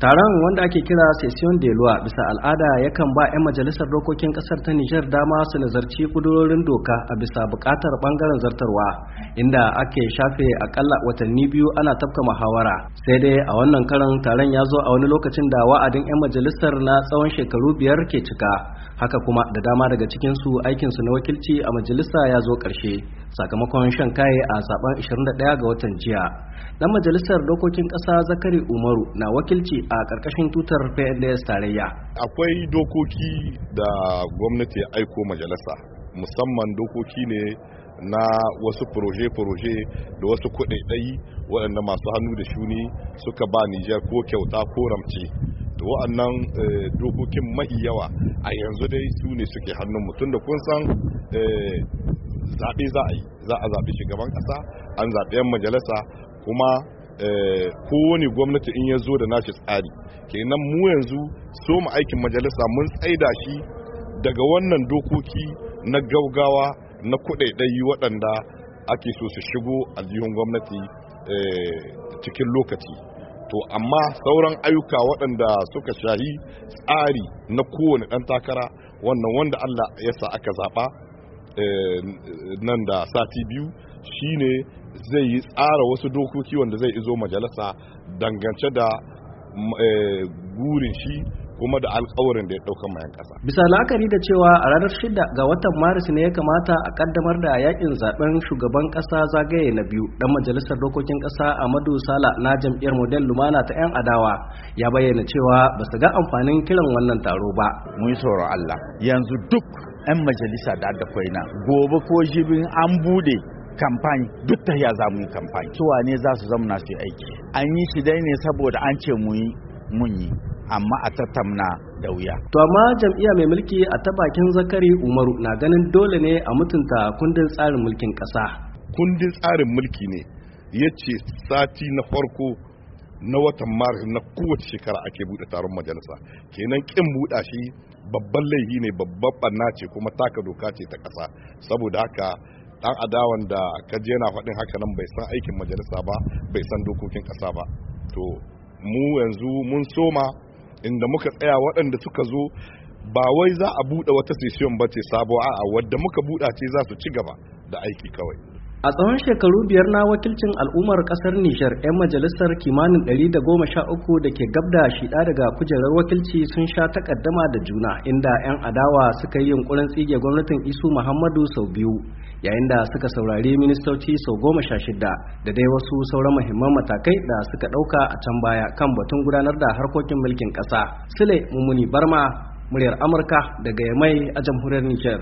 taron wanda ake kira session de loi bisa al'ada yakan ba 'yan majalisar dokokin kasar ta nijar dama su nazarci kudurorin doka a bisa bukatar bangaren zartarwa inda ake shafe akalla watanni biyu ana tafka muhawara sai dai a wannan karan taron ya zo a wani lokacin da wa'adin 'yan majalisar na tsawon shekaru biyar ke cika haka kuma da dama daga cikinsu aikinsu na wakilci a majalisa ya zo ƙarshe sakamakon shan kaye a saban 21 ga watan jiya dan majalisar dokokin kasa zakari umaru na wakilci a karkashin tutar pnds tarayya akwai dokoki da gwamnati aiko majalisa musamman dokoki ne na wasu proje-proje da wasu kuɗaɗai waɗanda masu hannu da shuni suka ba nijar ko kyauta ko ramce da wa'annan eh, dokokin mai yawa a yanzu dai su ne suke hannun mutum da kun san eh, zaɓe za a yi za a zaɓi shugaban ƙasa an zaɓi 'yan majalisa kuma eh, kowane gwamnati in ya zo da nashi tsari Ke nan mu yanzu so mu aikin majalisa mun tsaida shi daga wannan dokoki na gaugawa na kuɗaɗai waɗanda ake so su shigo aljihun gwamnati eh, cikin lokaci to amma sauran ayyuka waɗanda suka shahi tsari na kowane ɗan takara wannan wanda Allah ya sa aka zaɓa Eh, nan da sati biyu shine zai yi tsara wasu dokoki wanda zai izo majalisa dangance da eh, gurin shi kuma da alkawarin da ya dauka mayan kasa. Bisa la'akari da cewa a ranar shida ga watan Maris ne ya kamata a kaddamar da yakin zaben shugaban ƙasa zagaye na biyu dan majalisar dokokin ƙasa Amadu Sala na jam'iyyar model Lumana ta 'yan adawa ya bayyana cewa ba su ga amfanin kiran wannan taro ba. Mun yi Allah yanzu duk 'yan majalisa da da na gobe ko jibin an bude kamfani duk ta ya zamu kamfani cewa ne za su zama su aiki an yi shi dai ne saboda an ce mu mun yi amma a tattamna da wuya. To amma jam'iyya mai mulki a ta bakin Zakari Umaru na ganin dole ne a mutunta kundin tsarin mulkin ƙasa. Kundin tsarin mulki ne ya ce sati na farko na watan maris na kowace shekara ake buɗe taron majalisa kenan kin buɗa shi babban laifi ne babban ɓanna ce kuma taka doka ce ta ƙasa saboda haka dan adawan da ka je yana faɗin haka nan bai san aikin majalisa ba bai san dokokin ƙasa ba to mu yanzu mun soma inda muka tsaya waɗanda suka zo ba wai za a buɗe wata session ba ce sabo a'a wadda muka buɗa ce za su ci gaba da aiki kawai a tsawon shekaru biyar na wakilcin al'ummar kasar Nijar 'yan majalisar kimanin 113 da ke gabda shida daga kujerar wakilci sun sha takaddama da juna inda 'yan adawa suka yi yunkurin tsige gwamnatin isu muhammadu sau biyu yayin da suka saurari ministoci sau goma sha shida da dai wasu sauran muhimman matakai da suka ɗauka a can baya kan batun gudanar da harkokin mulkin ƙasa sule barma muryar amurka daga yamai a jamhuriyar nijar